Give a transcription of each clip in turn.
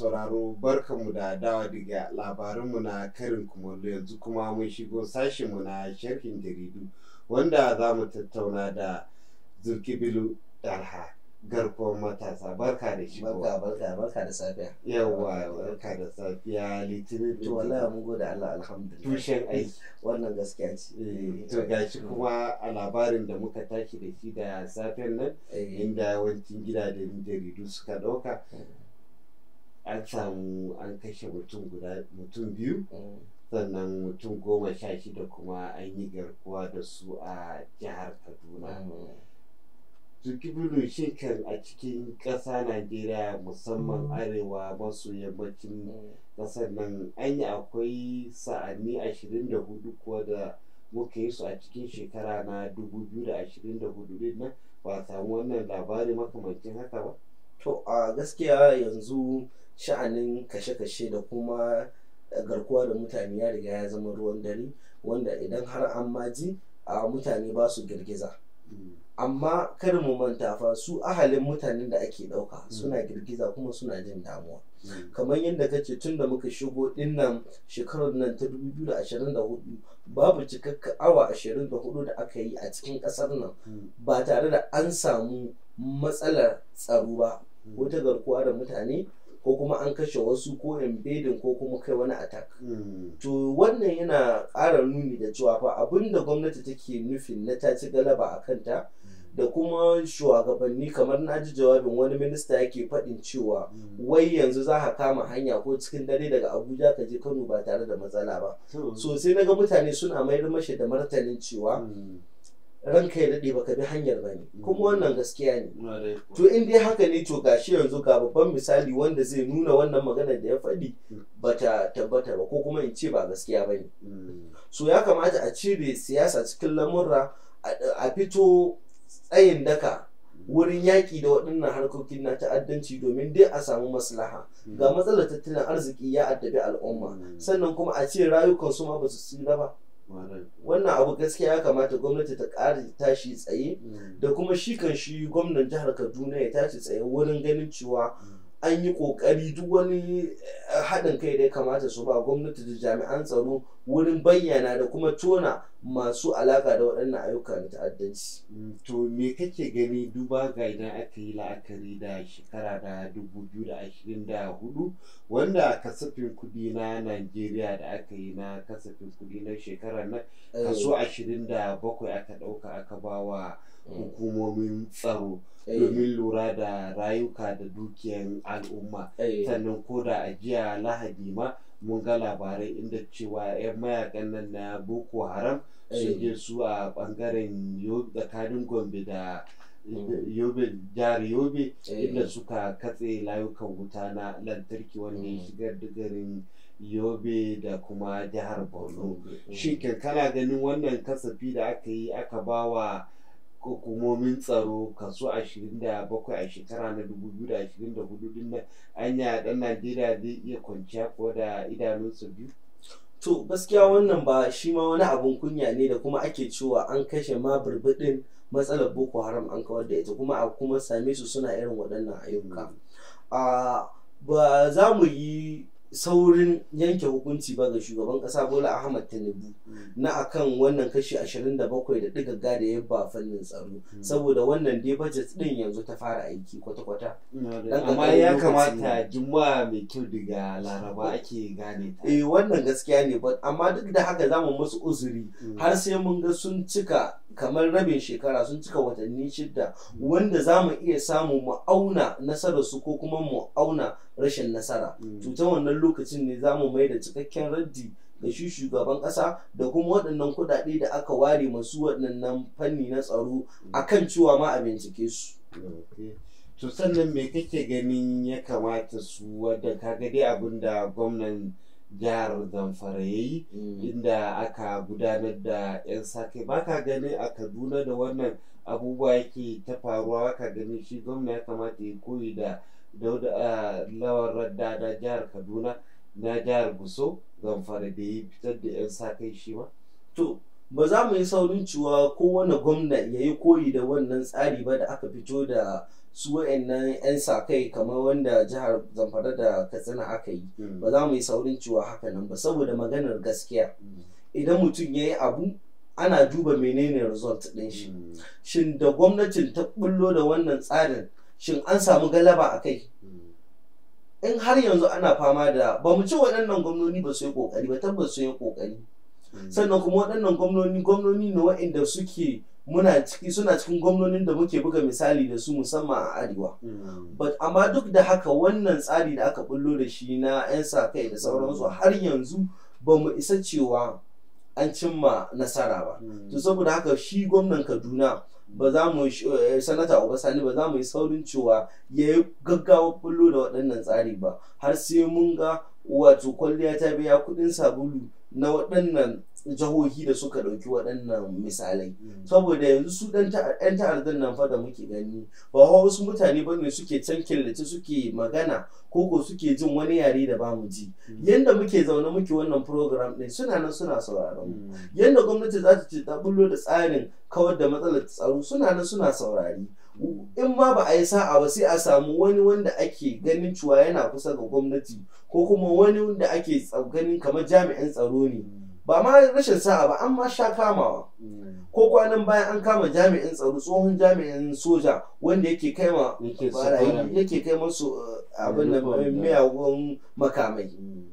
sauraro barkanmu da dawa daga labarinmu na karin kumallo yanzu kuma mun shigo sashenmu na sharhin jaridu wanda za mu tattauna da zulkibilu dalha garkuwar matasa barka da shi barka barka barka da safiya yawa barka da safiya litinin to wallahi mun gode Allah alhamdulillah tushen aiki wannan gaskiya ce eh, to gashi kuma a labarin da muka tashi da shi da safen nan eh. inda yawancin gidajen jaridu suka dauka eh. an samu an kashe mutum guda mutum biyu mm. sannan mutum goma sha shida kuma an yi garkuwa da su a jihar kaduna tukibilu mm. shekar a cikin ƙasa najeriya musamman mm. arewa masu yammacin ƙasar nan an yi akwai sa'anni 24 kuwa da muka yi su a cikin shekara na 2024 din nan ba samu wannan labari makamancin haka ba to a gaskiya yanzu sha'anin kashe-kashe da kuma eh, garkuwa da mutane ya riga ya zama ruwan dare wanda idan har an maji a mutane ba su girgiza amma karin mu manta fa su ahalin mutanen da ake ɗauka hmm. suna girgiza kuma suna jin damuwa hmm. kamar yadda ka ce tun da muka shigo dinnan shekarar nan ta 2024 babu cikakka awa 24 da aka yi a cikin ƙasar nan hmm. ba tare da an samu matsalar tsaro ba wata garkuwa da mutane ko kuma an kashe wasu ko embedin ko kuma kai wani attack hmm. to wannan yana ƙara nuni da cewa fa abinda gwamnati take nufin na ta ci galaba a kanta hmm. da kuma shugabanni kamar na ji jawabin wani minista yake faɗin cewa hmm. wai yanzu za ka kama hanya ko cikin dare daga abuja ka je kano ba tare da matsala ba sosai na ga mutane suna mayar mashi da martanin cewa ranka ya daɗe baka bi hanyar ba ne kuma wannan gaskiya ne to in dai haka ne to gashi yanzu ga babban misali wanda zai nuna wannan maganar da ya faɗi hmm. ta tabbata ba ko kuma in ce ba gaskiya ba ne hmm. so ya kamata a cire siyasa cikin lamurra a fito tsayin daka hmm. wurin yaƙi da waɗannan harkokin na ta'addanci domin dai a samu maslaha ga matsalar tattalin arziki ya addabi al'umma sannan kuma a ce rayukan su ma ba su tsira ba wannan abu gaskiya ya kamata gwamnati ta ƙara tashi tsaye mm. da kuma shi kan shi gwamnan jihar kaduna ya tashi tsaye wurin ganin cewa mm. an yi kokari duk wani eh, haɗin kai da ya kamata su ba gwamnati da jami'an tsaro wurin bayyana da kuma tona masu alaƙa da waɗannan ayyuka na ta'addanci. Mm, to me kake gani duba ga idan aka yi la'akari da shekara da 2024 wanda kasafin kuɗi na najeriya da aka yi na kasafin kuɗi na shekarar nan kaso 27 eh. aka ɗauka aka bawa hukumomin tsaro eh. domin lura da rayuka da dukiyan al'umma eh. sannan ko da ajiya jiya lahadi ma mun ga labarai inda cewa 'yan mayakan nan na boko haram eh. sun je su a bangaren tsakanin gombe da hmm. yobe jihar yobe inda suka katse layukan wuta na lantarki wanda ya hmm. shigar yobe da kuma jihar borno hmm. shi kana ganin wannan kasafi da aka yi aka bawa hukumomin tsaro kaso 27 a shekara na 2024 din nan a dan najeriya zai iya kwanciya ko da idanunsa biyu to gaskiya wannan ba shi ma wani abun kunya ne da kuma ake cewa an kashe ma burbuɗin matsalar boko haram an kawar da ita kuma a kuma same su suna irin waɗannan ayyuka hmm. ah, ba za mu yi saurin yanke hukunci ba ga shugaban kasa bola ahmad tinubu mm. na akan wannan kashi 27 da digaga da ya ba fannin tsaro mm. saboda wannan dai budget din yanzu ta fara aiki kwata-kwata amma ya kamata juma'a mai kyau daga laraba ake gane ta eh wannan gaskiya ne amma duk da haka zamu musu uzuri mm. har sai mun ga sun cika kamar rabin shekara sun cika watanni shidda wanda za mu iya samu mu auna nasararsu ko kuma mu auna rashin nasara mm. to wannan lokacin ne za mu mai da cikakken raddi da shi shugaban kasa da kuma waɗannan kuɗaɗe da aka ware masu waɗannan fanni na tsaro mm. a kan cewa ma a bincike su to sannan me kake ganin ya kamata su wadda kaga dai abin da gwamnan jihar zamfara ya yi mm. inda aka gudanar da 'yan sake ba ka ganin a kaduna da wannan abubuwa yake ta faruwa ka gani shi gwamna ya kamata ya koyi da dauda lawan radda na jihar kaduna na jihar guso zamfara da yi fitar da 'yan sa kai shi ma to ba za mu yi saurin cewa kowane gwamna ya yi koyi da wannan tsari ba da aka fito da su wa'annan 'yan sa kai kamar wanda jihar zamfara da katsina aka yi hmm. ba za mu yi saurin cewa haka nan ba saboda maganar gaskiya hmm. idan mutum ya yi abu ana duba menene result ɗin shi hmm. shin da gwamnatin ta bullo da wannan tsarin shin an samu galaba a kai in har yanzu ana fama da ba mu ci waɗannan gwamnoni ba su yi ƙoƙari ba tabbas su yi ƙoƙari sannan kuma waɗannan gwamnoni gwamnoni ne waɗanda suke muna ciki suna cikin gwamnonin da muke buga misali da su musamman a arewa but amma duk da haka wannan tsari da aka bullo da shi na 'yan sa kai da sauransu har yanzu ba mu isa cewa an cimma nasara ba to saboda haka shi gwamnan kaduna ba za mu eh, sanata obasani ba za mu yi saurin cewa ya yi gaggawa bullo da waɗannan tsari ba har sai mun ga wato kwalliya ta biya kuɗin sabulu na waɗannan jihohi da suka ɗauki waɗannan misalai mm. saboda yanzu su ɗan ta'addar nan fa da muke gani ba wasu mutane ba ne suke can killace suke magana ko ko suke jin wani yare da ba mu ji mm. yanda muke zaune muke wannan program ɗin suna nan suna sauraron mu mm. yanda gwamnati za ta ce ta bullo da tsarin kawar da matsalar tsaro suna nan suna saurari in ma ba a yi sa'a ba sai a samu wani wanda ake ganin cewa yana kusa ga gwamnati ko kuma wani wanda ake ganin kamar jami'an tsaro ne ba ma rashin sa'a ba an ma sha kamawa mm. ko kwanan bayan an kama jami'in tsaro tsohon jami'in soja wanda yake kai ma yake kai masu eh, abin da miyagun makamai mm.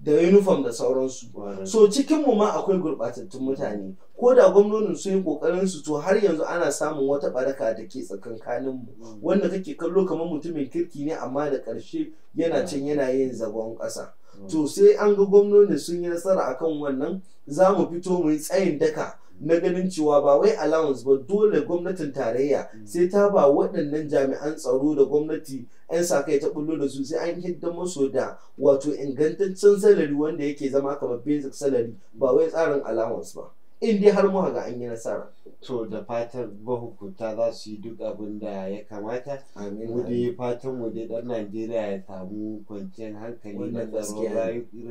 da uniform da sauransu so mu ma akwai gurbatattun mutane ko da gwamnonin sun yi kokarin su to har yanzu ana samun wata baraka da ke tsakankanin mu mm. wanda kake kallo kamar mutumin kirki ne amma da karshe yana can yana yin zagon ƙasa to sai an ga gwamnoni sun yi nasara akan wannan za mu fito mu yi tsayin daka na ganin cewa ba wai allowance ba dole gwamnatin tarayya mm. sai ta ba waɗannan jami'an tsaro da gwamnati 'yan sa kai ta bullo da su sai an hidda masu da wato ingantaccen salari wanda yake zama kamar basic salary ba wai tsarin allowance ba in dai har muka ga an yi nasara to da fatan mahukunta za su yi duk abin da ya kamata mu dai fatan mu dai dan najeriya ya samu kwanciyar hankali na tsaro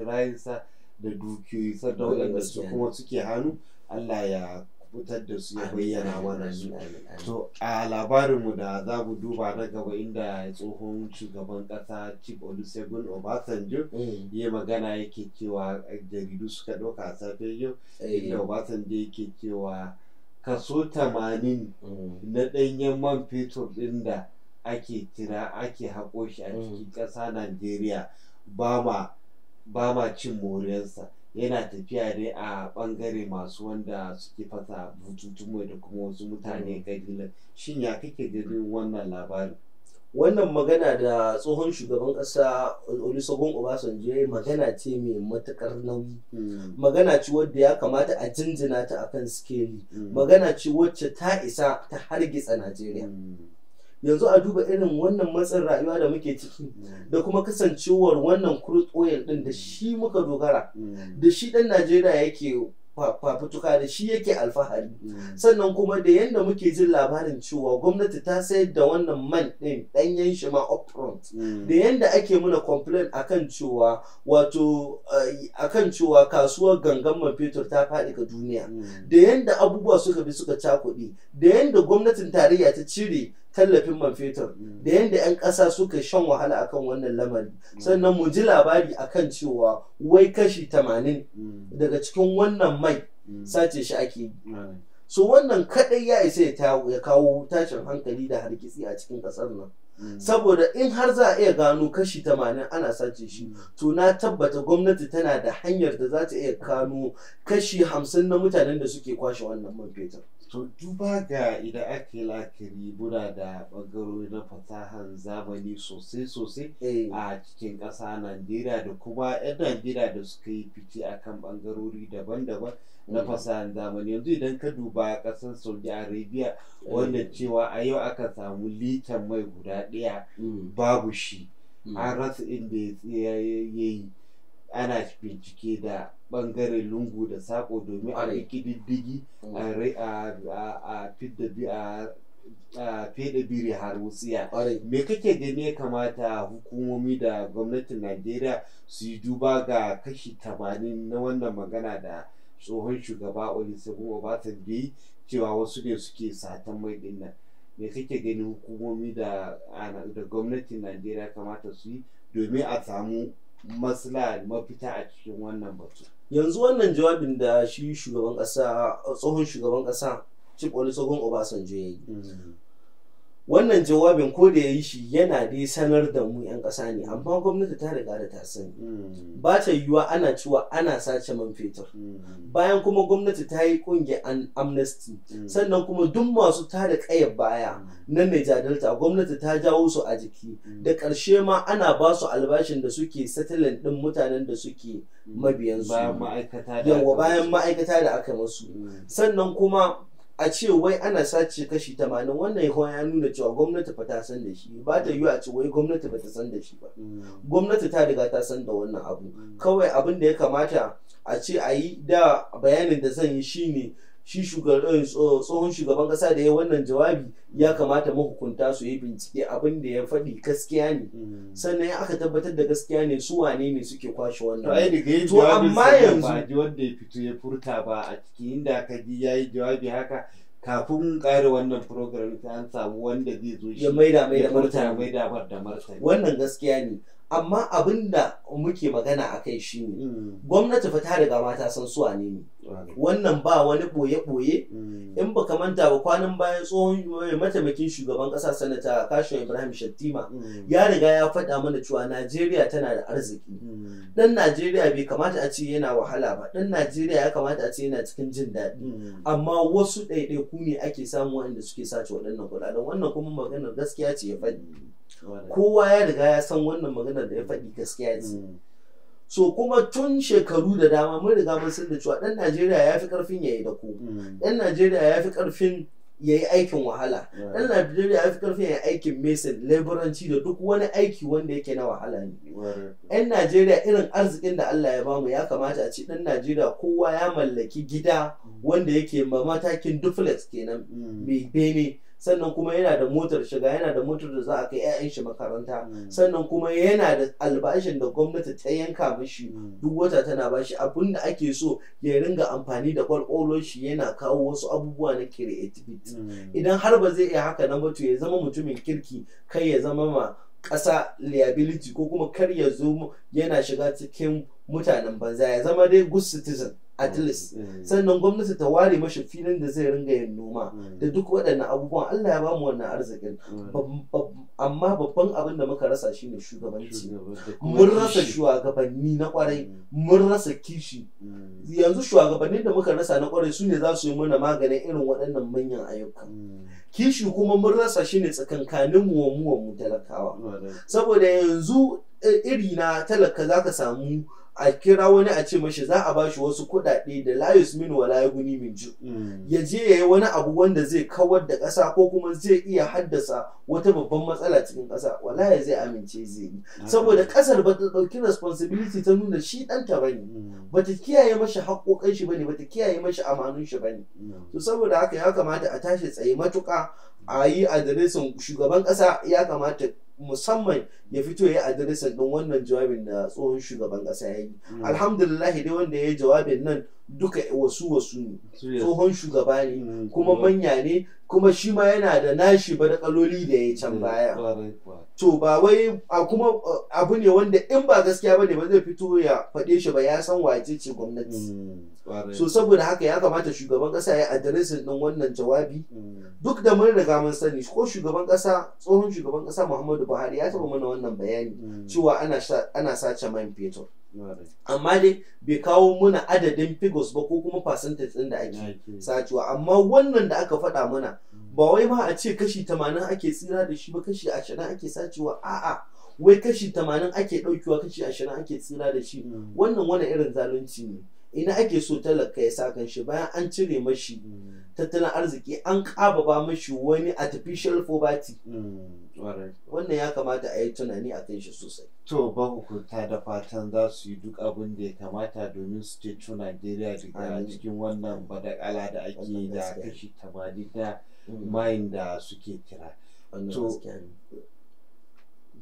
rayunsa da dukiyoyi sada waɗanda su kuma suke hannu allah ya fitar da su ya bayyana mana su to a labarinmu da za mu duba na gaba inda tsohon shugaban kasa chief olusegun obasanjo mm. ya magana yake cewa eh, jaridu suka ɗauka a safe yau eh. inda obasanjo yake cewa kaso tamanin na danyen man fetur din da ake kira ake haƙo shi a mm. cikin ƙasa najeriya ba ma cin moriyarsa yana tafiya ne a ɓangare masu wanda suke fata bututun mai da kuma wasu mutane kalilan mm. shin ya kake ganin wannan labarin wannan magana da tsohon shugaban ƙasa olusegun obasanjo ya yi magana ce mai matukar nauyi hmm. magana ce wadda ya kamata a jinjina ta a kan skeli hmm. magana ce wacce ta isa ta hargitsa najeriya hmm. yanzu a duba irin wannan matsin rayuwa da muke ciki da kuma kasancewar wannan kurut oil din da shi muka dogara da shi dan najeriya yake fafutuka da shi yake alfahari mm. sannan kuma da yadda muke jin labarin cewa gwamnati ta sayar da wannan man ɗin ɗanyen shi ma upfront mm. da yadda ake muna complain akan cewa eh, cewa kasuwar gangan man fetur ta faɗi ga duniya mm. da yadda abubuwa suka bi suka cakuɗi da yadda gwamnatin tarayya ta cire tallafin man fetur da yadda mm. 'yan ƙasa suka shan wahala akan wannan lamari mm. sannan mu ji labari akan cewa wai kashi 80 mm. daga cikin wannan mai sace shi ake yi so wannan kaɗai ya isa ya kawo tashin hankali da hargitsi a cikin ƙasar nan saboda in har za a iya gano kashi 80 ana sace shi to na tabbata gwamnati tana da hanyar da za ta iya kano kashi 50 na mutanen da suke kwashe wannan man fetur To duba ga idan ake lakiri muna da bangarori na fasahar zamani sosai-sosai eh. a cikin ƙasa Najeriya da kuma 'yan Najeriya da suka yi fice a kan bangarori daban-daban na mm. fasahar zamani. Yanzu idan ka duba ƙasar Saudi Arabia eh. wanda cewa a yau aka samu litan mai guda ɗaya mm. babu shi mm. an rasa inda ya yi. ana bincike da bangaren lungu da sako domin a ɗauki diddigi a mm. fidda a biri har wutsiya me kake gani ya kamata hukumomi da gwamnatin najeriya su yi duba ga kashi tamanin na wannan magana da tsohon shugaba olusegun obasanjo cewa wasu ne suke satan mai dinna me kake gani hukumomi da gwamnatin najeriya kamata su yi domin a samu maslaha mafita a cikin wannan batu yanzu wannan jawabin da shi shugaban kasa tsohon shugaban kasa chief tsohon obasanjo ya yi mm. wannan jawabin ko da ya yi shi yana dai sanar da mu 'yan ƙasa ne amma gwamnati ta riga da ta sani mm. ba ta yiwuwa ana cewa ana sace man fetur mm. bayan kuma gwamnati ta yi ƙungiyar amnesty mm. sannan kuma duk masu ta da ƙaya baya na Niger Delta gwamnati ta jawo su a jiki da ƙarshe ma ana ba su albashin da suke settling ɗin mutanen da suke mabiyansu bayan ma'aikata da aka masu sannan kuma a ce wai ana sace kashi tamanin wannan ya nuna cewa gwamnati ba ta san da shi ba ta yiwu a ce wai gwamnati ba ta san da shi ba mm. gwamnati ta riga ta san da wannan abu mm. kawai abin da ya kamata a ce a yi da bayanin da zan yi shine shi eh, tsohon shugaban kasa da ya wannan jawabi ya kamata mahukunta su yi bincike abinda ya faɗi gaskiya ne mm. sannan ya aka tabbatar da gaskiya ne su wane ne suke kwashe wannan to amma yanzu ba ji wanda ya fito ya furta ba a cikin inda ka yayi jawabi haka kafin kare wannan program ta an samu wanda zai zo shi ya maida maida martani da martani wannan gaskiya ne amma abinda muke magana a kai shine mm. gwamnati fa ta riga ma ta san su wane ne wannan ba wani boye-boye mm. in ba manta ba kwanan bayan tsohon mataimakin shugaban kasa sanata kashin ibrahim shattima mm. ya riga ya faɗa mana cewa najeriya tana da arziki mm. dan najeriya bai kamata a ce yana wahala ba ɗan najeriya ya kamata a ce yana cikin jin daɗi amma wasu ɗaiɗaiku ne ake samu waɗanda suke sace waɗannan kuɗaɗen wannan kuma maganar gaskiya ce ya faɗi kowa ya riga ya san wannan maganar da ya faɗi gaskiya ce so kuma tun shekaru da dama mun riga mun san da cewa dan Najeriya ya fi karfin yayi da ku dan mm. Najeriya ya fi karfin ya aikin wahala dan Najeriya ya fi karfin yayi aikin mesin leburanci da duk wani aiki wanda yake na wahala ne yan Najeriya irin arzikin da Allah ya bamu ya kamata a ce dan Najeriya kowa ya mallaki gida mm. wanda yake ma matakin duplex kenan mm. mai bene sannan kuma yana da motar shiga yana da motar da za a kai 'ya'yan shi makaranta mm. sannan kuma yana da albashin da gwamnati ta yanka mishi mm. duk wata tana bashi abin da ake so ya ringa amfani da kwalkwalon shi yana kawo wasu abubuwa na creativity mm. idan har ba zai iya haka na mutu ya zama mutumin kirki kai ya zama ma ƙasa liability ko kuma kar ya zo yana shiga cikin mutanen banza ya zama dai good citizen at mm. least mm. sannan gwamnati ta ware mashi filin da zai ringa yin noma mm. da duk waɗannan abubuwan Allah ya ba mu wannan arzikin amma babban abin da muka rasa shine shugabanci mun rasa shugabanni na kwarai mun rasa kishi yanzu shugabannin da muka rasa na kwarai su ne za su yi mana maganin irin waɗannan manyan ayyuka kishi kuma mun rasa shine tsakankanin mu mu talakawa saboda yanzu eh, iri na talaka zaka samu a kira wani a ce mashi za a bashi wasu kuɗaɗe da layus min wa layaguni min ju mm. ya je ya yi wani abu wanda zai kawar da ƙasa ko kuma zai iya haddasa wata babban matsala cikin ƙasa ya zai amince zai yi saboda ƙasar ba ta ɗauki responsibility ta nuna shi ɗanta ba ne mm. ba ta kiyaye mashi haƙoƙin shi ba ne ba ta kiyaye mashi amanun shi ba ne mm. to saboda haka ya kamata a tashi tsaye matuƙa a yi adiresin shugaban ƙasa ya kamata musamman ya fito ya yi adiresin din wannan jawabin da tsohon shugaban kasa ya yi mm. alhamdulillah dai wanda ya yi jawabin nan duka wasu wasu ne tsohon shugaba ne kuma manya ne kuma shi ma yana da nashi ba da kaloli da ya can eh, baya to ba wai a kuma abu ne wanda in ba gaskiya ba ne ba zai fito ya faɗe shi ba ya san wace ce gwamnati mm, so saboda haka ya kamata shugaban kasa ya adiresin din wannan jawabi mm. duk da mun riga mun sani ko shugaban kasa tsohon shugaban kasa muhammadu buhari ya taba mana wannan bayani mm. cewa ana sace man fetur amma dai bai kawo muna adadin figures ba ko kuma percentage ɗin da ake sacewa amma wannan da aka faɗa mana mm. ba wai ma a ce kashi 80 ake tsira da shi ba kashi 20 ake sacewa a'a wai kashi 80 ake ɗaukewa kashi 20 ake tsira da shi mm. wannan wani irin zalunci ne ina ake so talaka ya sa kan shi bayan an cire mashi tattalin arziki an kababa mashi wani artificial poverty mm, wannan ya kamata a yi tunani a kan shi sosai to ba hukunta da fatan za su yi duk abin da ya kamata domin su to nigeria daga cikin wannan badakala da ake da kashi tamanin da mm. mayin da suke kira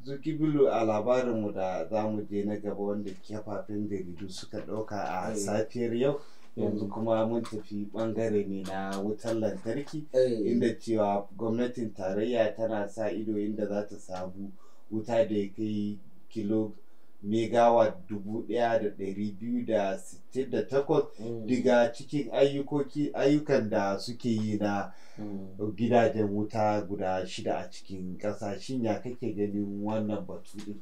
zukibilu a labarinmu da za mu je na gaba wanda kafafen jaridu suka ɗauka a eh. safiyar yau yanzu eh. kuma mun tafi bangare ne na wutar lantarki eh. inda cewa gwamnatin tarayya tana sa ido inda za ta samu wuta da ya kai kilo megawa 1268 daga cikin ayyukan da suke yi na mm. gidajen wuta guda shida a cikin ƙasashen ya kake ganin wannan batu din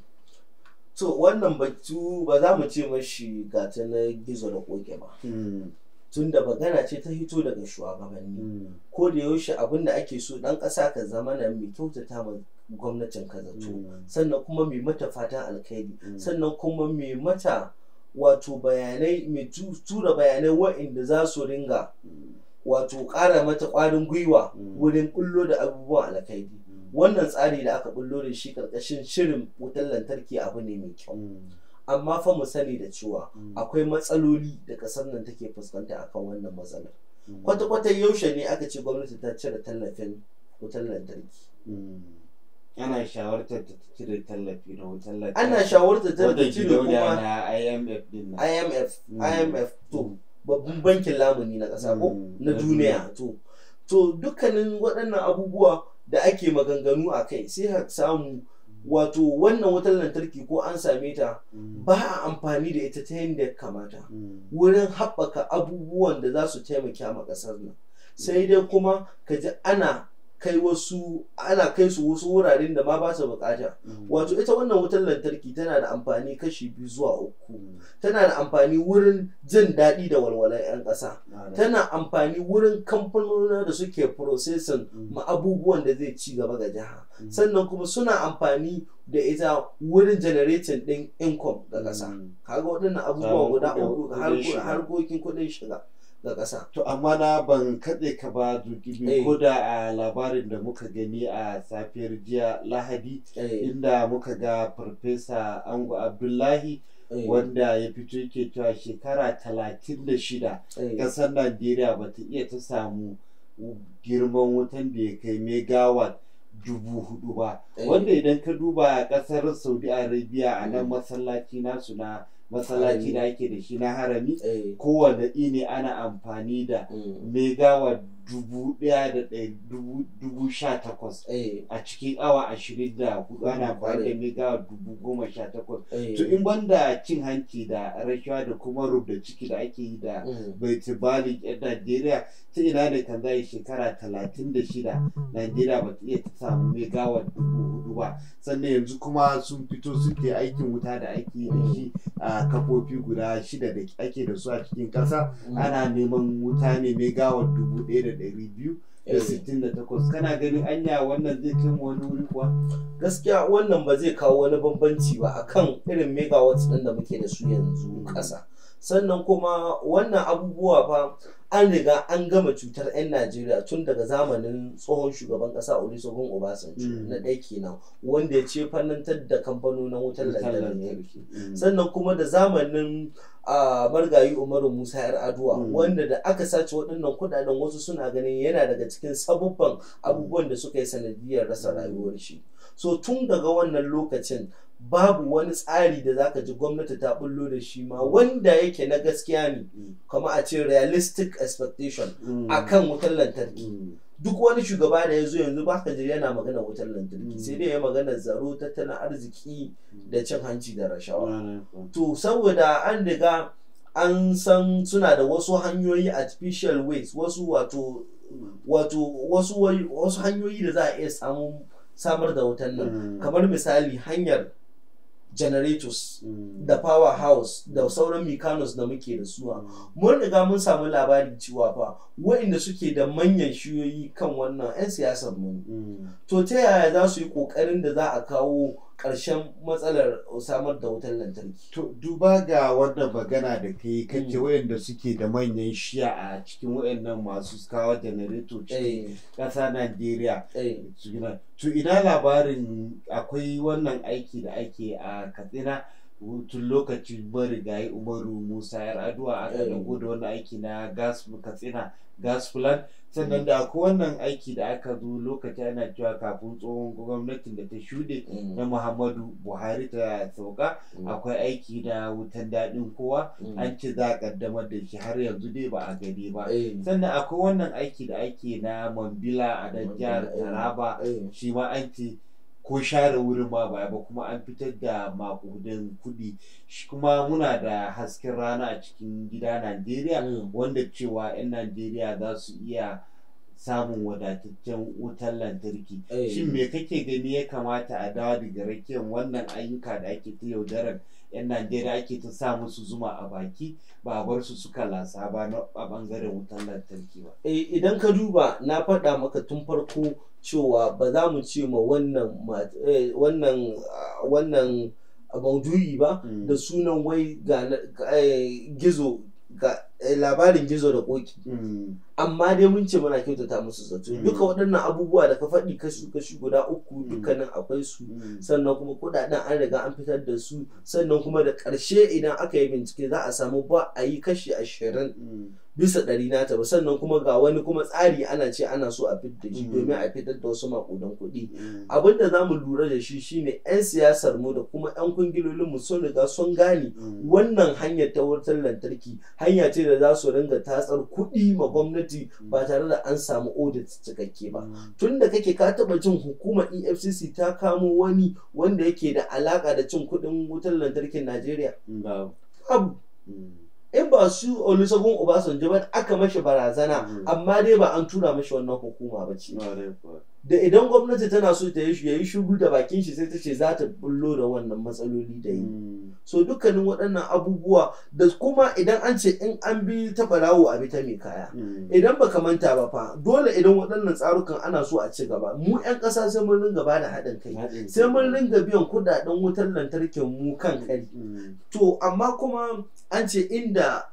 to wannan batu ba za mu ce mashi gata na gizo da koke ba mm. tunda magana ce ta hito daga shugabanni mm. ko da yaushe abin da ake so dan ƙasa ka zama nan mai kyautata gwamnatin ka zato mm. sannan kuma mai mata fatan alkhairi mm. sannan kuma mai mata wato bayanai mai tura bayanai wa'inda za su ringa wato ƙara mata ƙwarin gwiwa mm. wurin ƙullo da abubuwan alkhairi wannan tsari da aka bullo da shi ƙarƙashin shirin wutar lantarki abu ne mai kyau amma fa mu sani da cewa akwai matsaloli da ƙasar nan take fuskanta akan wannan matsalar kwata-kwata yaushe ne aka ce gwamnati ta cire tallafin wutar lantarki ana shawartar ta cire tallafi na wutar ana shawartar ta da cire kuma na IMF din na IMF mm. IMF to babban bankin lamuni na ƙasa ko mm. na duniya to to dukkanin waɗannan abubuwa da ake maganganu a kai sai ha samu wato wannan wutar lantarki ko an same ta mm. ba a amfani da ita ta yadda ya kamata wurin haɓaka abubuwan da za su taimaka ma ƙasar nan sai dai kuma ka ji ana kai wasu ana kai su wasu wuraren da ma ba su bukata mm. wato ita wannan wutar lantarki tana da amfani kashi biyu zuwa uku mm. tana da amfani wurin jin daɗi da walwalar 'yan ƙasa tana amfani wurin kamfanona da suke processing mm. ma abubuwan da zai ci gaba ga jiha sannan kuma suna amfani da ita wurin janaretin ɗin income ga ƙasa kaga waɗannan abubuwa guda uku harkokin kuɗin shiga da ƙasa. To amma na ban katse ka ba dudubi eh. ko da a labarin da muka gani a safiyar jiya Lahadi eh. inda muka ga Farfesa Ango Abdullahi eh. wanda ya fito yake cewa shekara talatin da shida ƙasar Najeriya ba ta iya ta samu girman wutan da ya kai megawatt dubu hudu ba. Wanda idan ka duba ƙasar Saudi Arabia a nan masallaci nasu na masallaci da ake da shi na harami eh. kowane ini ana amfani da mm. megawa dubu daya da dubu sha takwas eh. a cikin awa ashirin da hudu ana mm, amfani da megawa dubu goma sha takwas eh. to in banda cin hanci da rashawa da kuma rubda ciki da ake yi da mm. baitibali yan najeriya ta ina da ta zai shekara 36 najeriya ba ta iya ta samu megawatt dubu hudu ba sannan yanzu kuma sun fito suke aikin wuta da ake da shi a kafofi guda shida da ake da su a cikin kasa ana neman wuta ne megawatt dubu ɗaya da ɗari biyu da eh. sittin da takwas kana ganin anya wannan zai kai wani wuri kuwa gaskiya wannan ba zai kawo wani bambanci ba akan irin megawatt ɗin da muke da su yanzu kasa sannan kuma wannan abubuwa fa an riga an gama cutar 'yan najeriya tun daga zamanin tsohon shugaban kasa olusegun obasanjo mm. na ɗaya kenan wanda ya ce fannantar da kamfanonin wutar lantarki mm. sannan kuma da zamanin a margayi umaru musa yar aduwa mm. wanda da aka sace waɗannan kuɗaɗen wasu suna ganin yana daga cikin sabubban abubuwan da suka yi sanadiyar rasa rayuwar shi so tun daga wannan lokacin babu wani tsari da zaka ji gwamnati ta bullo da shi ma wanda yake na gaskiya ne kuma a ce realistic expectation mm. kan wutar lantarki mm. duk wani shugaba da ya zo yanzu ba ka ji yana magana wutar lantarki mm. sai dai ya magana zaro tattalin arziki da cin hanci da rashawa to saboda an riga an san suna da wasu hanyoyi artificial ways wasu wato wasu hanyoyi da za a iya samun samar da wutan nan kamar misali hanyar generators mm. da power house da sauran mechanos da muke da suwa mm. mun riga mun samu labari cewa fa waɗanda suke da manyan shiyoyi kan wannan 'yan siyasar mu mm. to ta yaya za su yi ƙoƙarin da za a kawo ƙarshen matsalar samar da wutar lantarki. To duba ga wannan magana da kai kake mm. wayanda suke da manyan shiya a cikin wayannan masu kawo janareto cikin eh. ƙasa Najeriya. Eh. To ina labarin akwai wannan aiki da ake a Katsina tun lokacin marigayi Umaru Musa Yar'adua aka dago eh. da wani aiki na gas Katsina gas plant. sannan da akwai wannan aiki da aka zo lokaci ana cewa kafin tsohon gwamnatin da ta shuɗe mm. na muhammadu buhari ta sauka mm. akwai aiki na wutan daɗin kowa mm. an ci za a ƙaddamar da shi har yanzu dai ba a gani ba eh. sannan akwai wannan aiki da ake na mambila a nan jihar eh. taraba eh. shi ma an ce ko share wurin ma baya ba kuma an fitar da makudin kuɗi shi kuma muna da hasken rana a cikin gida najeriya mm. wanda cewa 'yan najeriya za su iya samun wadataccen wutar lantarki eh. shin me kake gani ya kamata a dawo daga rakiyar wannan ayyuka da ake ta yaudarar 'yan najeriya ake ta sa musu zuma a baki ba bar su suka lasa ba a bangaren wutan lantarki ba eh, idan ka duba na faɗa maka tun farko cewa ba za mu ce ma wannan eh, ah, wannan maudu'i ba mm. da sunan wai eh, gizo ga Eh, labarin gizo da koki hmm. amma dai mun ce muna kyautata musu zato hmm. duka waɗannan abubuwa da ka faɗi kashi kashi guda uku hmm. dukkanin akwai su sannan kuma kuɗaɗen an riga an fitar da su sannan kuma da ƙarshe idan aka yi bincike za a samu ba a yi kashi ashirin bisa ɗari nata ba sannan kuma ga wani kuma tsari ana ce ana so a fitar da shi domin a fitar da wasu makudan kuɗi abin da mu lura da shi shine 'yan siyasar mu da kuma 'yan kungilolin mu sun riga sun gane wannan hanyar ta wutar lantarki hanya ce da da za su ringa tatsar kuɗi ma gwamnati ba tare da an samu audit cikakke ba tun da kake ka taɓa jin hukumar efcc ta kamo wani wanda yake da alaƙa da cin kuɗin wutar lantarkin najeriya hmm. in ba su olusegun obasanjo ba aka mashi barazana mm. amma dai ba an tura mashi wannan hukuma ba ce da idan gwamnati tana so ta yi yayi shugu da bakin shi sai ta ce za ta bullo da wannan matsaloli da yi mm. so dukkanin waɗannan abubuwa da kuma idan an ce in an bi ta barawo a bi mai kaya mm. idan baka manta ba fa dole idan waɗannan tsarukan ana so a ci gaba mu 'yan ƙasa sai mun ringa ba da haɗin kai sai mun ringa biyan kuɗaɗen wutar lantarkin mu kan kai to amma kuma an ce inda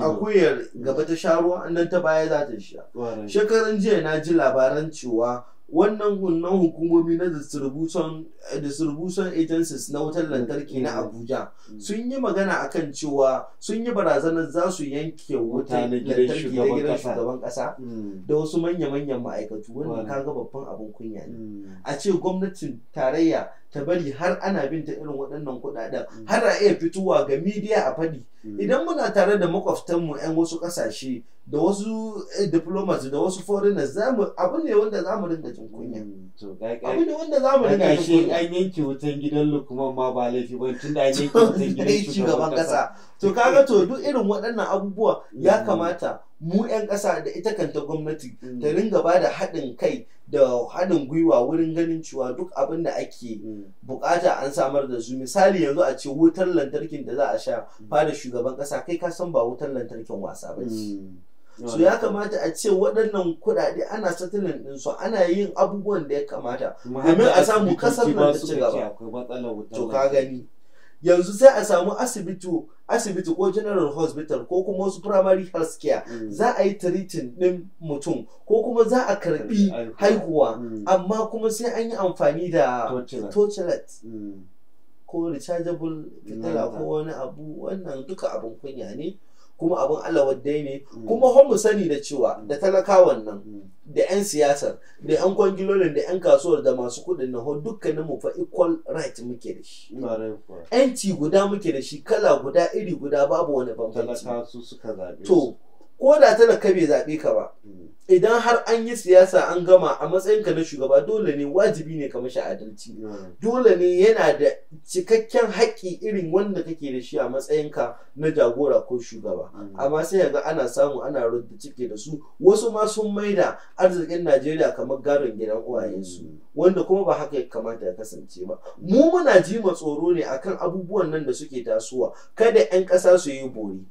akuyar gaba ta sha ruwa nan ta baya za ta sha shekaran jiya na ji labaran cewa wannan hunan hukumomi na distribution agencies na wutar lantarki na abuja mm. sun yi magana akan cewa sun yi barazanar za su yanke wutar lantarki da gidan shugaban kasa mm. da wasu manya-manyan ma'aikatu wanda ga babban abin kunya ne mm. a ce gwamnatin tarayya ta bari har ana bin ta irin waɗannan kuɗaɗen mm. har a iya fitowa ga midiya a faɗi mm. idan muna tare da makwabtanmu 'yan wasu ƙasashe da wasu eh, diplomats da wasu foreigners mu abu ne wanda za mu rinda jin kunya mm, abu ne wanda za mu rinda jin kunya an yanke wutan gidan lukman ma ba laifi ba tun da an yanke wutan gidan shugaban kasa to kaga to duk irin waɗannan abubuwa ya kamata mu 'yan ƙasa da ita kanta gwamnati ta ringa ba da haɗin kai da haɗin gwiwa wurin ganin cewa duk abin da ake mm. bukata an samar da su misali yanzu a ce wutar lantarkin da za a sha fada mm. shugaban ƙasa kai ka san ba wutar lantarkin wasa ba Su mm. so ya kamata a ce waɗannan kuɗaɗe ana satilin ɗin su ana yin abubuwan da ya kamata domin a samu kasar nan ta ci gaba to ka gani yanzu sai a samu asibiti ko general hospital ko kuma wasu primary health care mm. za a yi treating din mutum ko kuma za a karbi haihuwa mm. amma kuma sai an yi amfani da torchlight mm. ko rechargeable fitila ko wani abu wannan duka abin kunya ne kuma abin Allah waddai ne mm. kuma hon mu sani da cewa mm. da talakawan nan mm. da 'yan siyasar da 'yan kwangilolin da 'yan kasuwar da masu kudin na dukkanin mu fa equal right muke da shi yanci guda muke da shi kala guda iri guda babu wani bambanci to ko da talaka bai zaɓe ka ba idan har an yi siyasa an gama a matsayin ka na shugaba dole ne wajibi ne ka mashi adalci hmm. dole ne yana da cikakken haƙƙi irin wanda kake da shi a matsayin ka na jagora ko shugaba hmm. amma sai ga ana samu ana rudda cike da su wasu ma sun maida arzikin najeriya kamar garin gidan uwayensu hmm. wanda kuma ba haka ya kamata ya kasance ba mu muna ji ma tsoro ne akan abubuwan nan da suke tasowa kada 'yan ƙasa su yi bori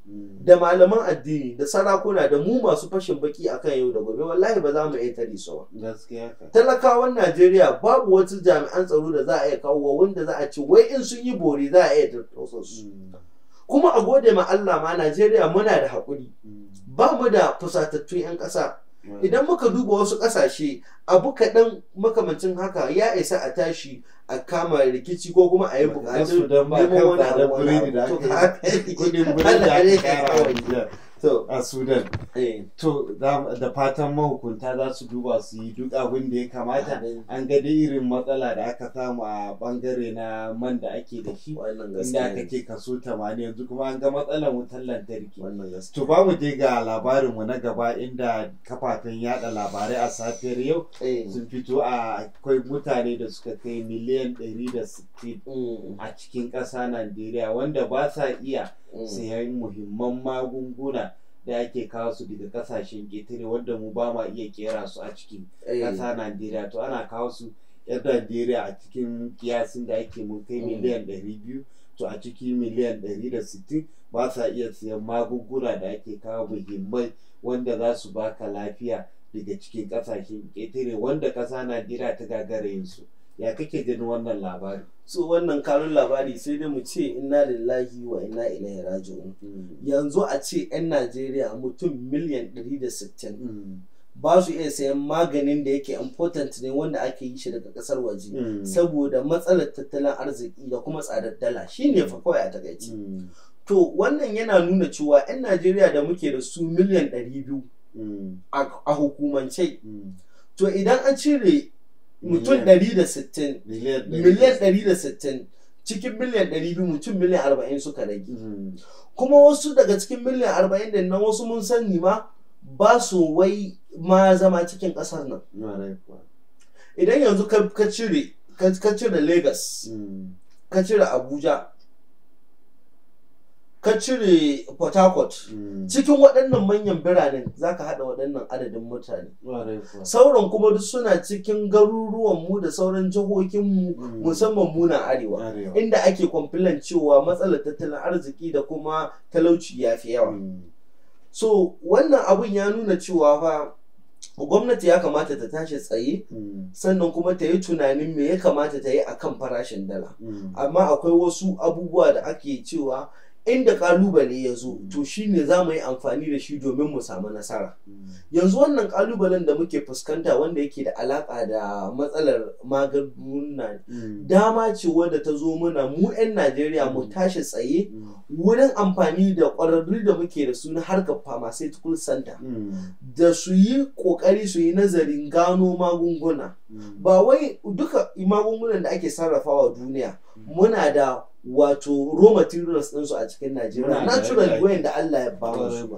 da malaman addini da sarakuna da mu masu fashin baki akan yau da gobe wallahi ba za mu iya tare su ba talakawan Najeriya babu wata jami'an tsaro da za a iya kawo wanda za a ci wai in sun yi bori za a iya tattausa su mm. kuma a gode ma Allah ma Najeriya muna da haƙuri mm. ba mu da fusatattun 'yan ƙasa idan muka duba wasu ƙasashe abu kaɗan makamancin haka ya isa a tashi a kama rikici ko kuma a yi buƙatun neman wani abu wani a sudan eh, to da fatan mahukunta za su duba su yi duk abin da ya kamata an ga da irin matsala da aka samu a bangare na man da ake da shi inda aka ke kaso 80 yanzu kuma an ga matsalar wutar lantarki to ba mu je ga labarinmu na gaba inda kafafen yada labarai a safiyar yau eh. sun fito a akwai mutane da suka kai miliyan 160 mm. a cikin ƙasa najeriya wanda ba sa iya Mm. sayan muhimman magunguna da ake kawo su daga kasashen ƙetare wanda mu ba ma iya kera su a cikin kasa eh. najeriya to ana kawo su yan najeriya a cikin kiyasin da ake mun kai mm. miliyan 200 to a cikin miliyan 160 ba sa iya sayan magunguna da ake kawo muhimmai wanda za su baka lafiya daga cikin ƙasashen ƙetare wanda ƙasa najeriya ta gagara yin su. ya kake jin wannan labari so wannan kanun labari sai dai mu ce inna lillahi wa inna ilaihi raji'un mm. yanzu a ce 'yan najeriya mutum miliyan 160 mm. ba su iya sayan maganin da yake important ne wanda ake yi shi daga kasar waje mm. saboda matsalar tattalin arziki da kuma tsadar dala shine fa kawai a takaice to wannan yana nuna cewa 'yan najeriya da muke da su miliyan 200 a hukumance to idan an cire mutum 160 miliyan 160 cikin miliyan 200 mutum miliyan 40 suka rage hmm. kuma wasu daga cikin miliyan 40 da nan wasu mun sani ma ba su wai ma zama cikin ƙasar nan idan yanzu ka cire ka cire lagos hmm. ka cire abuja ka cire port harcourt mm. cikin waɗannan manyan biranen za ka haɗa waɗannan adadin mutane sauran kuma duk suna cikin garuruwanmu da sauran jihohinmu mm. musamman muna arewa inda ake kwamfilan cewa matsalar tattalin arziki da kuma talauci ya fi yawa mm. so wannan abun ya nuna cewa fa gwamnati ya kamata ta tashi tsaye sannan kuma ta yi tunanin me ya kamata ta yi akan farashin dala amma akwai wasu abubuwa da ake cewa inda kalubale ya zo to shine za mu yi amfani da shi domin mu samu nasara yanzu wannan kalubalen da muke fuskanta wanda yake da alaka da matsalar magunguna mm. dama ce wadda ta zo muna mu 'yan najeriya mu mm. tashi tsaye mm. wurin amfani da ƙwararru da muke da su na harka pharmaceutical center da su yi ƙoƙari su yi nazarin gano magunguna ba wai duka magungunan da ake sarrafawa duniya muna da wato raw materials ɗinsu a cikin Najeriya natural wayan da Allah ya bamu su ba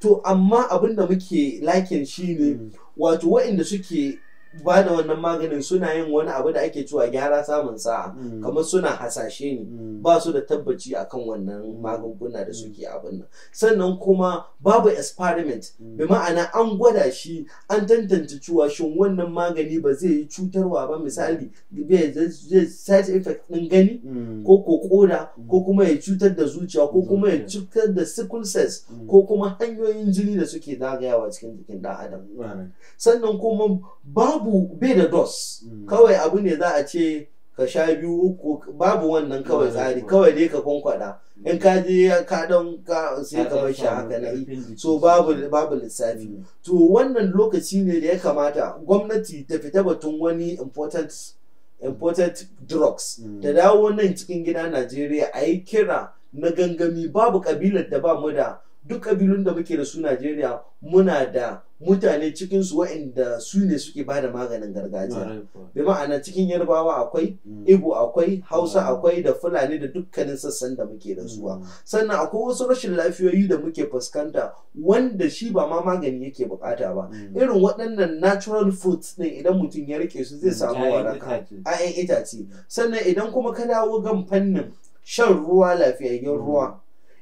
to amma abin da muke lakin shi ne mm. wato wayanda suke ba da wannan maganin suna yin wani abu da ake cewa gyara samun sa'a mm. kamar suna hasashe ne mm. ba su da tabbaci a kan wannan mm. magunguna da suke abin nan sannan kuma babu experiment bi ma'ana an gwada shi an tantance cewa shin wannan magani ba zai yi cutarwa ba misali zai side effect din gani ko ko koda ko kuma ya cutar da zuciya ko kuma ya cutar da sickle cells ko kuma hanyoyin jini da suke zagayawa cikin jikin dan adam sannan kuma babu babu bai da dos hmm. kawai abu ne za a ce ka sha biyu uku babu wannan kawai tsari kawai dai ka kwankwada hmm. in ka je ka dan ka sai ka bar shi haka na yi so babu babu lissafi hmm. to wannan lokaci ne da ya kamata gwamnati ta fita batun wani important important drugs da dawo nan cikin gida Najeriya a yi kira na gangami babu kabilar da ba mu da duk kabilun da muke da su Najeriya muna da mutane cikinsu waɗanda su ne suke bada maganin gargajiya bai ma'ana cikin yarbawa akwai mm. igbo akwai hausa mm. akwai da fulani da dukkanin sassan da muke da zuwa. Mm. sannan akwai wasu rashin lafiyoyi da muke fuskanta wanda shi ba ma magani yake bukata ba irin waɗannan natural foods ne idan mutum ya rike su zai samu waraka 'ya'yan itace sannan idan kuma ka dawo gan fannin shan ruwa lafiyayyen ruwa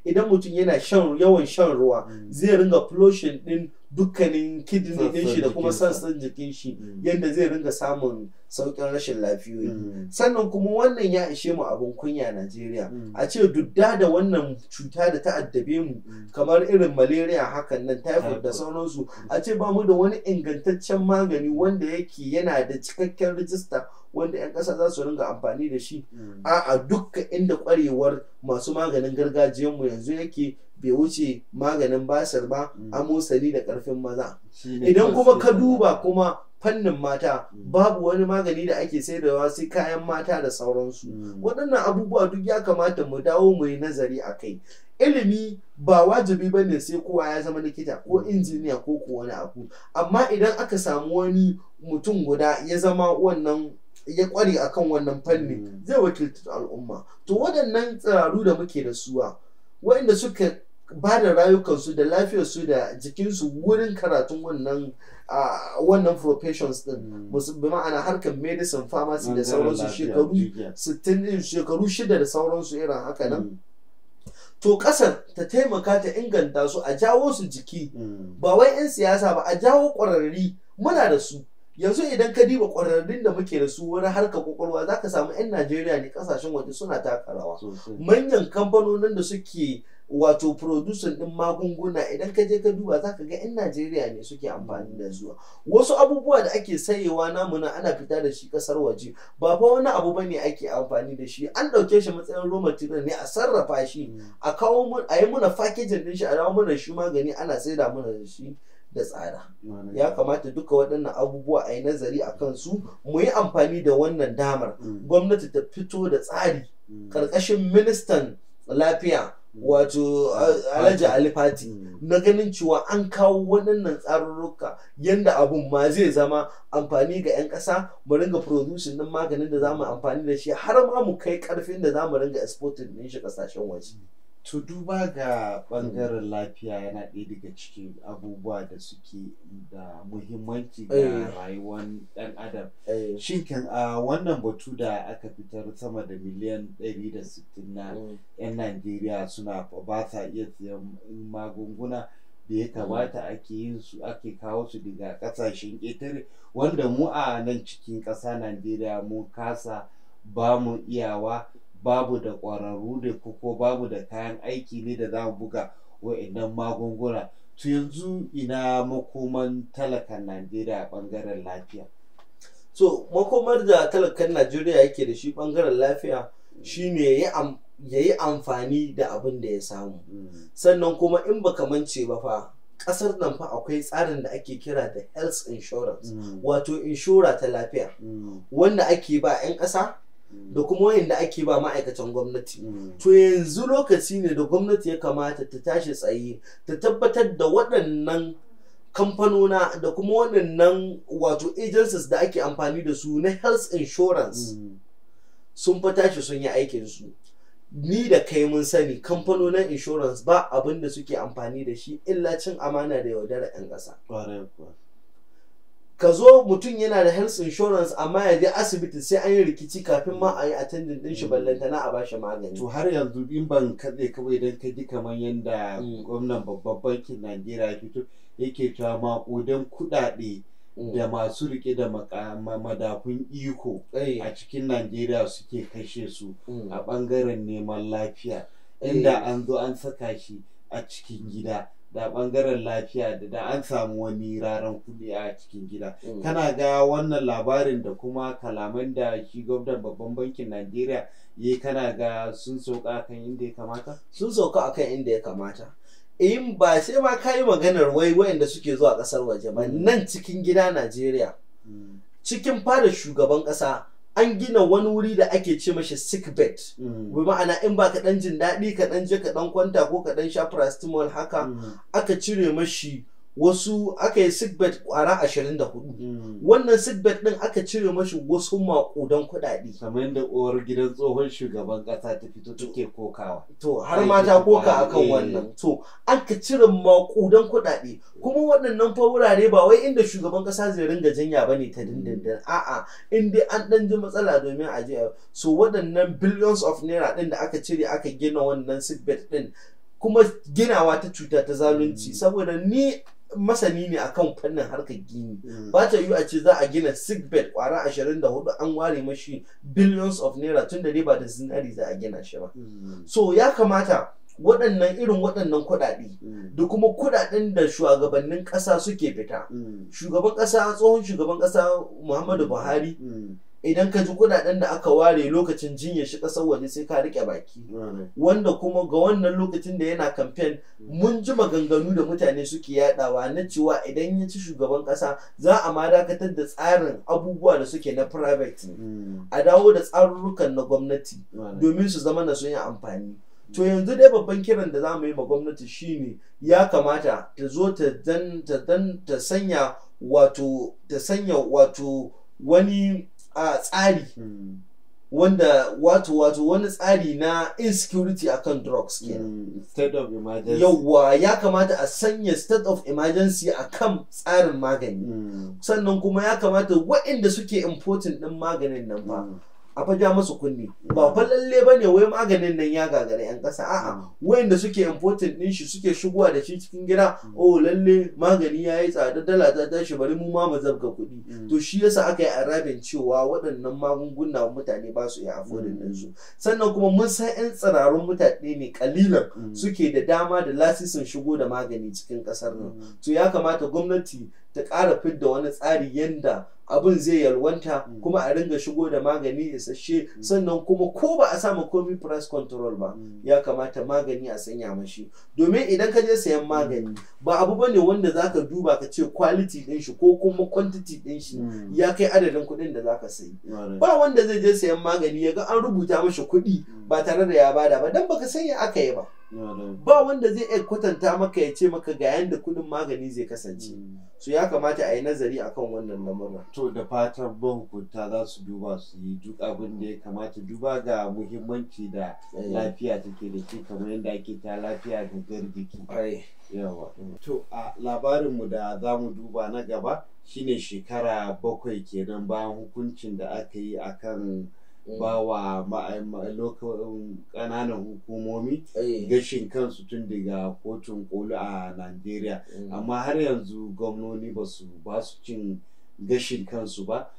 idan mutum yana shan yawan shan ruwa zai ringa flushing din dukkanin kidney shi da kuma sassan jikin shi mm. yadda zai ringa samun saukin rashin lafiyoyi mm. sannan kuma wannan ya ishe mu abin kunya Najeriya mm. a ce dudda da wannan cuta da ta addabe mu kamar irin malaria hakan nan typhoid da sauransu a ce ba mu da wani ingantaccen magani wanda yake yana da cikakken rijista wanda 'yan ƙasa za su ringa amfani da shi a'a a dukkan inda kwarewar masu maganin gargajiyanmu yanzu yake bai wuce maganin basir ba mm. amosali da karfin maza idan kuma ka duba kuma fannin mata mm. babu wani magani da ake sayarwa sai kayan mata da sauransu mm. waɗannan abubuwa duk ya kamata mu dawo mu yi nazari a kai ilimi ba wajibi ba ne sai kowa ya zama likita ko injiniya ko ko wani abu amma idan aka samu wani mutum guda ya zama wannan ya kware akan wannan fanni zai wakilta al'umma to waɗannan tsiraru da muke da suwa waɗanda suka ba da rayukansu da lafiyarsu da jikinsu wurin karatun wannan wannan professions din hmm. bi ma'ana harkar medicine pharmacy da sauransu shekaru 60 shekaru shida da sauransu irin haka nan hmm. to kasar ta taimaka ta inganta su a jawo su jiki hmm. ba wai 'yan siyasa ba a jawo ƙwararri muna da su yanzu idan ka diba ƙwararrun da muke da su wani harkar kwakwalwa za ka samu 'yan najeriya ne kasashen waje suna takarawa manyan kamfanonin da suke wato producer din magunguna idan ka je ka duba za ka ga in najeriya ne suke amfani da zuwa wasu abubuwa da ake sayewa namu na ana fita da shi kasar waje ba fa wani abu bane ake amfani da shi an ɗauke shi matsayin raw material ne a sarrafa shi a kawo a yi muna packaging din shi a dawo muna shi magani ana saida muna da shi da tsada ya kamata duka waɗannan abubuwa a yi nazari a kansu mu yi amfani da wannan damar mm. gwamnati ta fito da tsari mm. ƙarƙashin ministan lafiya wato alhaji alifati na ganin cewa an kawo waɗannan tsarurruka yadda abun ma zai zama amfani ga 'yan ƙasa mu ringa producing din maganin da za mu amfani da shi har ma mu kai ƙarfin da za mu ringa exporting din shi ƙasashen waje. to duba ga bangaren lafiya yana ɗaya daga cikin abubuwa da suke da muhimmanci ga eh. rayuwar ɗan adam eh. shin kan a wannan batu da aka fitar sama da miliyan 160 na 'yan mm. najeriya suna ba sa iya siyan magunguna da ya kamata mm. ake yin su ake kawo su daga kasashen ƙetare wanda mu a nan cikin ƙasa najeriya mu kasa ba mu iyawa babu da ƙwararru ne ko ko babu da kayan aiki ne da za mu buga wa'annan magunguna to yanzu ina makoman talakan najeriya a ɓangaren lafiya so makomar da talakan najeriya yake da shi ɓangaren lafiya shine ya yi amfani da abin da ya samu mm. sannan kuma in baka mance ba fa Ƙasar nan fa akwai tsarin da ake kira da health insurance mm. wato inshora ta lafiya mm. wanda ake ba 'yan ƙasa da kuma wayanda ake ba ma'aikatan gwamnati mm. to yanzu lokaci ne da gwamnati ya kamata ta tashi tsaye ta tabbatar da waɗannan kamfanona da kuma waɗannan wato agencies da ake amfani da su na health insurance mm. sun fa tashi sun yi aikin su ni da kai mun sani kamfanonin insurance ba abin da suke amfani da shi illa cin amana da yaudara 'yan ƙasa. ka zo mutum yana da health insurance amma ya je asibiti sai an yi rikici kafin ma a yi attendant din shi mm. ballantana a bashi magani to har yanzu in ban katse kawai don ka ji kamar yadda mm. gwamnan babban bankin Najeriya ya fito yake cewa makudan kuɗaɗe mm. da masu rike da madafun iko a cikin Najeriya suke kashe su a ɓangaren neman lafiya inda an zo an saka shi a cikin gida da bangaren lafiya da da an samu wani raran kuɗi a cikin gida mm. kana ga wannan labarin da kuma kalaman da shi gwamnan babban bankin najeriya yi kana ga sun sauka akan inda ya kamata sun sauka akan inda ya kamata in ba sai ma ka yi maganar wai wayanda suke zuwa kasar waje ba mm. nan cikin gida najeriya mm. cikin fara shugaban ƙasa an gina wani wuri da ake ce mashi sick bed mm. bai ma'ana in ba ka dan jin daɗi ka dan je ka dan kwanta ko ka dan sha paracetamol haka mm. aka cire mashi wasu aka yi sigbet kwara 24 wannan sigbet din aka cire mashi wasu makudan kudade. kamar yadda uwar gidan tsohon shugaban ƙasa ta fito take kokawa to har ma ta koka akan eh. wannan to aka cire makudan kudade. kuma waɗannan fa wurare ba wai inda shugaban ƙasa zai ringa jinya bane ta hmm. dindindin a'a in dai an ɗan ji matsala domin a eh, so waɗannan billions of naira ɗin da aka cire aka gina wannan sigbet ɗin. kuma ginawa ta cuta ta zalunci hmm. saboda ni masani ne akan fannin harkar gini mm. ba ta yi a ce za a gina sick kwara 24 an ware mashi billions of naira tun da ba da zinari za a gina shi ba mm. so ya kamata waɗannan irin waɗannan kuɗaɗe mm. da kuma kuɗaɗen da shugabannin ƙasa suke fita shugaban ƙasa tsohon shugaban ƙasa muhammadu buhari idan ka ji kudaden da aka ware lokacin jinya shi kasar waje sai ka rike baki wanda kuma ga wannan lokacin da yana kamfen mun ji maganganu da mutane suke yadawa na cewa idan ya ci shugaban kasa za a ma dakatar da tsarin abubuwa da suke na private mm. a dawo da tsarurrukan na gwamnati domin su zama na sun yi amfani to yanzu dai babban kiran da za mu yi ma gwamnati shine ya kamata ta zo ta sanya ta sanya wato wani a tsari hmm. wanda wato wato wani tsari na insecurity akan drugs hmm. kenan state of emergency yawwa ya kamata a sanya state of emergency akan tsarin magani hmm. sannan kuma ya kamata waɗanda suke important ɗin maganin nan ba a faja masu kunni ba fa lalle ne wai maganin nan ya gagara yan kasa a'a wayanda suke important din shi suke shigowa da shi cikin gida oh lalle magani ya yi tsada dala ta tashi bari mu ma mu zabga kuɗi mm. to shi yasa aka yi arabin cewa waɗannan magunguna mutane ba su iya afodin din mm. su sannan kuma mun san yan tsirarun mutane ne kalilan mm. suke da dama da lasisin shigo da magani cikin kasar nan to ya kamata gwamnati ta ƙara fidda wani tsari yadda abin zai yalwanta mm. kuma a ringa shigo da magani isasshe mm. sannan kuma ko ba a samu komi price control ba mm. ya kamata magani a sanya mashi domin idan ka je sayan magani ba abu bane wanda zaka duba ka ce quality din shi ko kuma quantity din shi ya kai adadin kuɗin da zaka sayi ba wanda zai je sayan magani ya ga an rubuta mashi kuɗi ba tare da ya bada ba dan baka sanya aka yi ba ba wanda zai iya kwatanta maka ya ce maka ga yanda kudin magani zai kasance mm. su ya kamata a yi nazari akan wannan lamarin to da fatan mahukunta za su duba su yi duk abin da ya kamata duba ga muhimmanci da eh. lafiya take da ke kamar yadda ake ta lafiya ga gargiki yawa to a labarinmu da za mu duba na gaba shine shekara bakwai kenan bayan hukuncin da aka yi akan Eh. ba wa ƙananan hukumomi eh. gashin kansu tun daga kotun koli a najeriya eh. amma har yanzu gwamnoni ba su ba su cin gashin kansu ba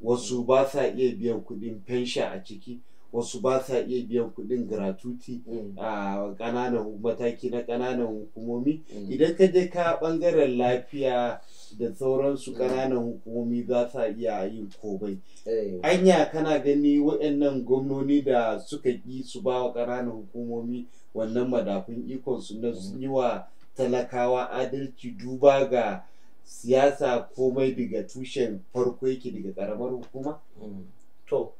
wasu ba sa iya biyan kudin fensha a ciki wasu ba sa iya biyan kuɗin gratuity mm. a ƙananan mataki na ƙananan hukumomi mm. idan ka je ka ɓangaren lafiya da sauransu mm. ƙananan hukumomi za sa iya yin komai eh. anya kana gani waɗannan gwamnoni da suka ƙi su ba wa ƙananan hukumomi wannan ikon su na yi wa talakawa adalci duba ga siyasa komai daga tushen farko yake daga ƙaramar hukuma to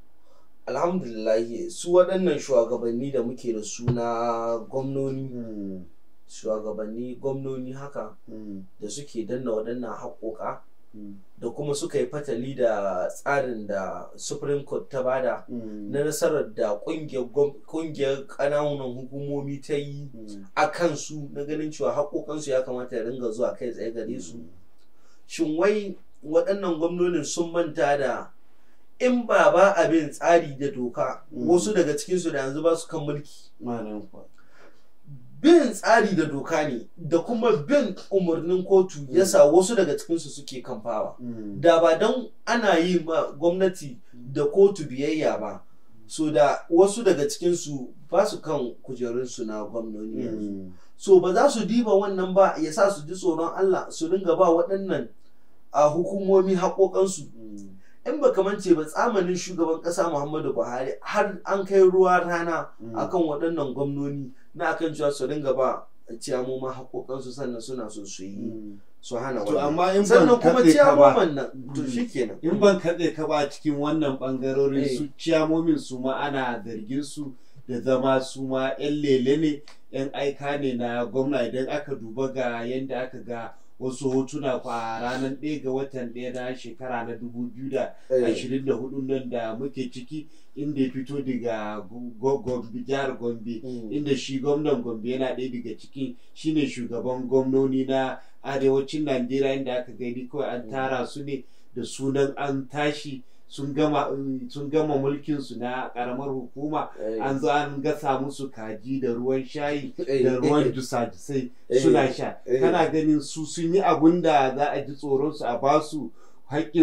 alhamdulillah su waɗannan shugabanni da muke da suna gwamnoni hmm. shugabanni gwamnoni haka hmm. da suke danna waɗannan haƙoƙa hmm. da kuma suka yi fatali da tsarin da supreme court ta bada na nasarar da ƙungiyar ƙananan hukumomi ta yi a kansu na ganin cewa haƙoƙansu ya kamata ya ringa zuwa kai tsaye gare su shin wai waɗannan gwamnonin sun manta da in ba ba abin tsari da doka mm. wasu daga cikinsu da yanzu ba su kan mulki bin tsari da doka ne da kuma bin umarnin kotu mm. ya sa wasu daga cikinsu suke kamfawa mm. da ba don ana yi ma gwamnati da kotu biyayya ba so da wasu daga cikinsu ba su kan kujerunsu na gwamnoni so ba za su diba wannan ba ya sa su ji tsoron allah su ringa ba waɗannan a hukumomi haƙoƙansu in ba ce ba tsamanin shugaban kasa muhammadu buhari har an kai ruwa rana mm. akan waɗannan gwamnoni na akan cewa su dinga ba ma haƙoƙansu sannan suna so su yi mm. su hana wannan sannan kuma ciyamoman nan to mm. shikenan in ban kaɗe ka ba cikin wannan bangarorin eh. su ciyamomin su ma ana zargin su da zama su ma 'yan lele ne 'yan aika ne na gwamna idan aka duba ga yadda aka ga wasu hotuna kwa ranar ɗaya ga watan ɗaya na shekara na 2024 eh. nan da muke ciki inda ya fito daga jihar gombe hmm. inda shi gwamnan gombe yana ɗaya daga ciki shine shugaban gwamnoni na arewacin najeriya inda aka gani kawai an hmm. tara su ne da sunan an tashi sun gama sun mulkin su na karamar hukuma eh. an zo an gasa musu kaji da ruwan shayi eh. da ruwan dusa-dusai eh. suna sha kana ganin su sun yi abun da za a ji tsoron su a basu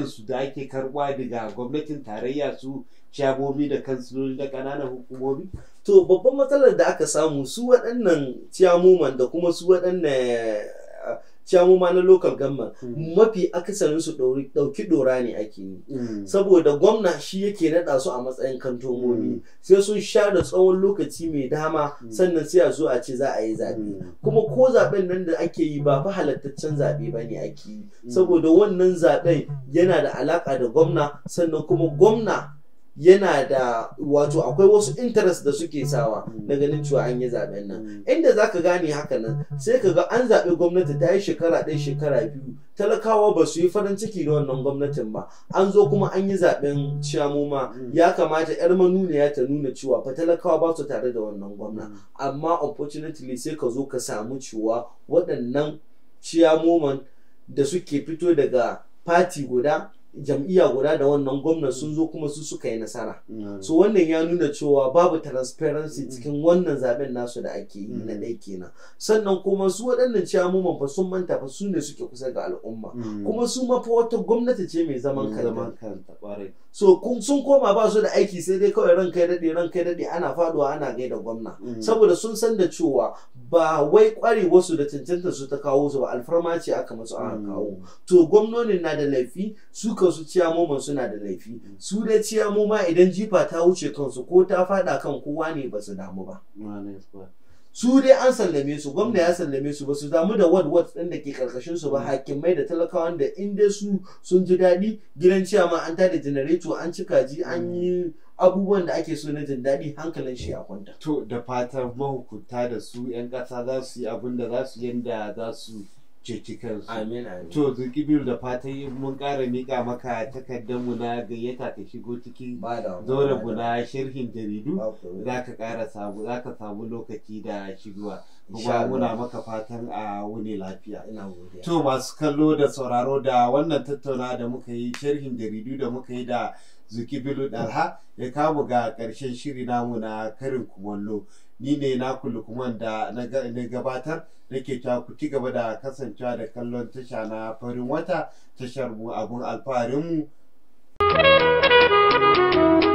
su da ake karɓa daga gwamnatin tarayya su ciyagomi da kansiloli da ƙananan hukumomi? To babban matsalar da aka samu su waɗannan ciyamuman da kuma su waɗannan ma na local government hmm. mafi akasarin su dauki dora ne ake yi hmm. saboda gwamna shi yake naɗa su a matsayin kantomomi hmm. sai sun sha da tsawon lokaci mai dama sannan sai a zo a ce za a yi zaɓe kuma ko zaɓen nan da ake yi ba fa halattaccen zaɓe ba ne ake yi saboda wannan zaɓen yana da alaka da gwamna sannan kuma gwamna yana da wato akwai wasu interest da suke sawa mm. na ganin cewa an yi zaben nan mm. inda za ka gane haka nan sai ka ga an zaɓi gwamnati ta yi shekara ɗaya shekara biyu talakawa ba su yi farin ciki da wannan gwamnatin ba an zo kuma an yi zaɓen ciyamuma mm. ya kamata yar manuniya ta nuna cewa fa talakawa ba su tare da wannan gwamna amma unfortunately sai ka zo ka samu cewa waɗannan ciyamoman da suke fito daga fati guda jam'iyya guda da wannan gwamna sun zo kuma su suka yi nasara mm. so wannan ya nuna cewa babu transparency mm. cikin wannan zaben nasu da ake yi na mm. ɗai kenan sannan kuma su waɗannan ciyamoman fa sun manta fa su ne suke kusa ga al'umma kuma su mafa wata gwamnati ce mai zaman kanta so sun koma ba su da aiki sai dai kawai ran kai daɗe ran kai daɗe ana faduwa ana gaida gwamna mm. saboda sun san da cewa ba wai kware wasu da cancanta su ta kawo su ba alfarma ce aka masu an mm. kawo to gwamnonin na da laifi su su ciya ciyamoman suna da laifi mm. su da ciyamoma idan jifa ta wuce kansu ko ta fada kan kowa ne ba su damu ba su dai an sallame su gwamna ya sallame su ba su damu da wad ɗin din da ke karkashin su ba mm. hakimai da talakawa da in su sun ji daɗi gidan ciya ma an tada janareto an cika ji an mm. yi abubuwan da ake so na jin daɗi hankalin shi a kwanta. To da fatan mahukunta da su 'yan ƙasa za su yi abin da za su yanda za su cikin Amin amin. To Zulkibiru da fatan mun kara mika maka takardar mu na gayyata ka shigo ciki zauren mu na shirhin jaridu za ka ƙara samu za ka samu lokaci da shigowa. Kuma muna maka fatan a wuni lafiya. To masu kallo da sauraro da wannan tattauna da muka yi shirhin jaridu da muka yi da Zuki Bilu Dalha ya kamu ga ƙarshen shiri namu na karin kumallo. ni ne na lukman da na gabatar nake ta ku ci gaba da kasancewa da kallon tasha na farin wata tashar mu abun alfaharin mu